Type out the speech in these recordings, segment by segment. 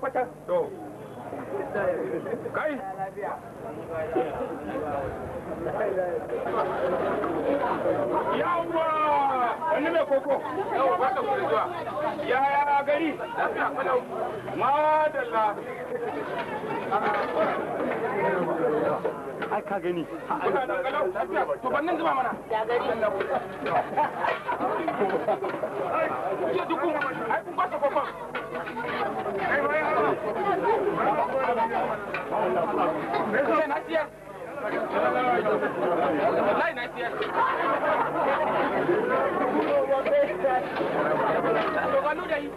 kwata to kai yawwa wani mai koko yaya gari madalla ai ka gani to zuba mana ya gari ai kun siyar wallahi na siyar to ga ludari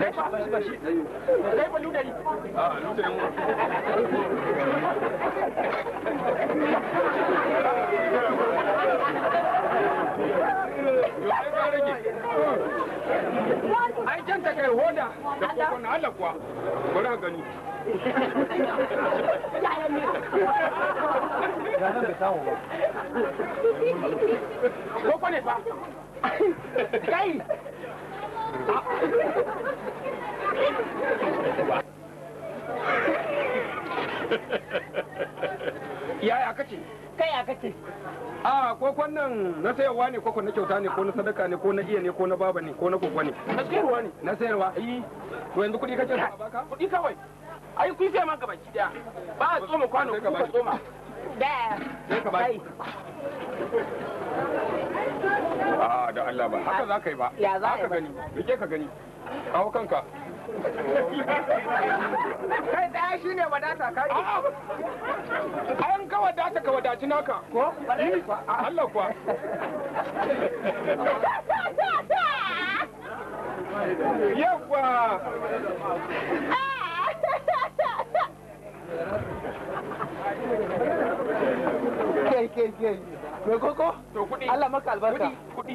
Zai fa bashi bashi. Zai fa ludari. Ah, ludari mu. Yo, ai ai can ta kai hoda da kokon Allah kuwa bari gani koko ne fa kai yaya kace kai a kake a kokon nan na sayarwa ne kokon na kyauta ne ko na sadaka ne ko na iya ne ko na baba ne ko na kokon ne na sayarwa ne na sayarwa eh to yanzu kudi kake so baka kudi kawai ai kun sai man gabaki da ba a tsoma kwano ku ka tsoma da sai ka baki a ah, da Allah ba haka za ka yi ba ya za ka gani rike ka gani kawo kanka kai daya shi ne wadata kai an ka wadata ka wadaci naka ko Allah kuwa yawwa kai kai kai me koko to kudi Allah maka albarka kudi kudi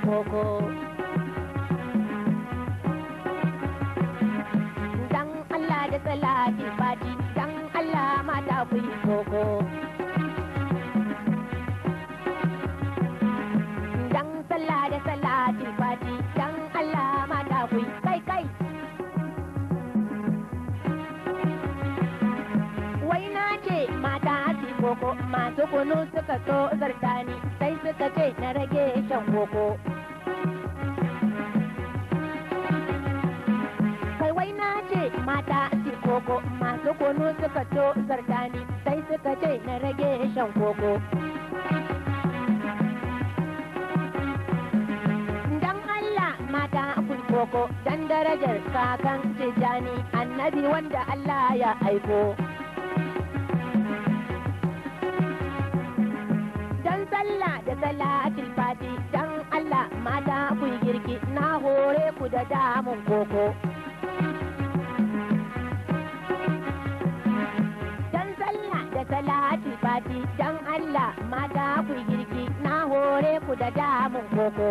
koko dan Allah da salati fadi dan Allah mata ku koko koko masu kunu suka so zartani sai suka ce na rage shan koko kai wai na ce mata ci koko masu kunu suka so zartani sai suka ce na rage shan koko koko dan darajar kakan jani, annabi wanda Allah ya aiko. salatul fati dan Allah mata ku girki na hore ku da damun koko dan sallah da salatul fati dan Allah mata ku girki na hore ku da damun koko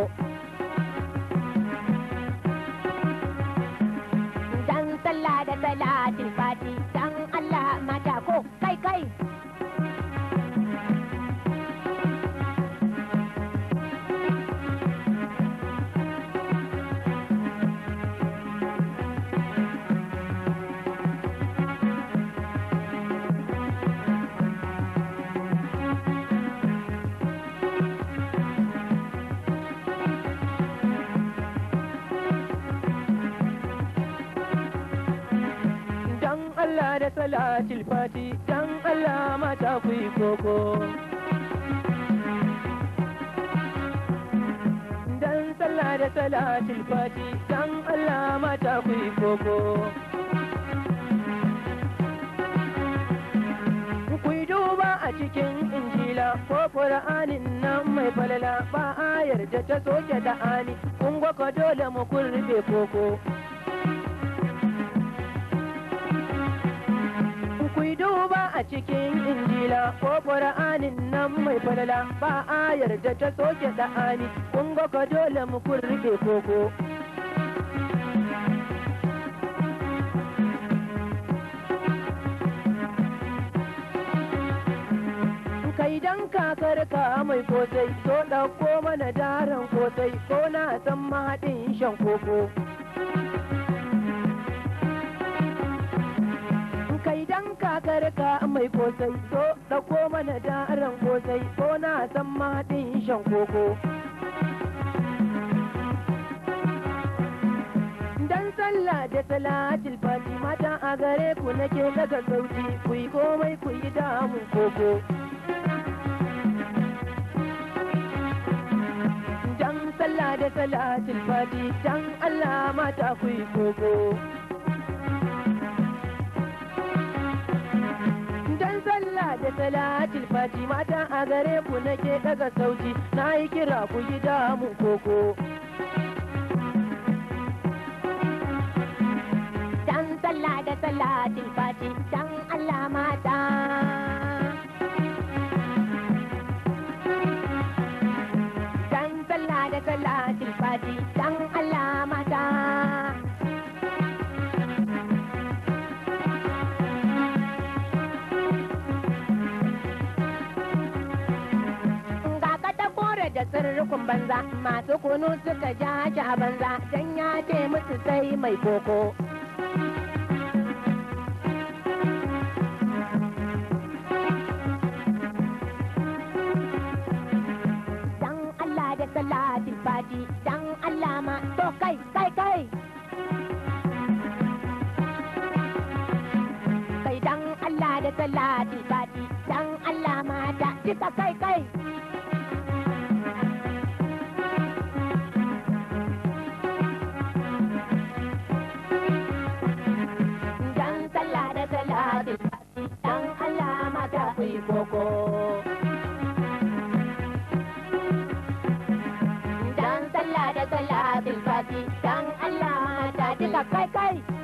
salatil fati dan Allah mata ku yi koko. Dan da salatil fati dan Allah mata ku yi koko. duba a cikin injila ko Qur'anin nan mai falala ba ayar ta soke da ani kun dole mu kurbe koko. a cikin injila ko ƙura'anin nan mai falala ba ayar da ta soke ɗa'ani kun ga ka dole mu kun koko. kai dan kakar ka mai kosai so ɗauko mana daren kosai ko na san mahaɗin shan koko. madara mai kosai so ɗauko mana da ran kosai ko na san maɗin shan koko. Dan sallah da salatil fati mata a gare ku nake daga sauti ku yi komai ku yi damun koko. Dan sallah da salatil fati dan Allah mata ku yi koko. salatil fati mata a gare ku nake daga sauti na yi kira ku yi damun koko dan sallah da salatil fati dan Allah mata kokon banza masu kunu suka ja shi a banza don ya ce musu sai mai koko dan Allah da salatin fati dan Allah ma to kai kai kai kai dan Allah da salatin fati dan Allah ma ta cika kai kai koko. Dan sallah da salatul fati dan Allah ta duka kai kai.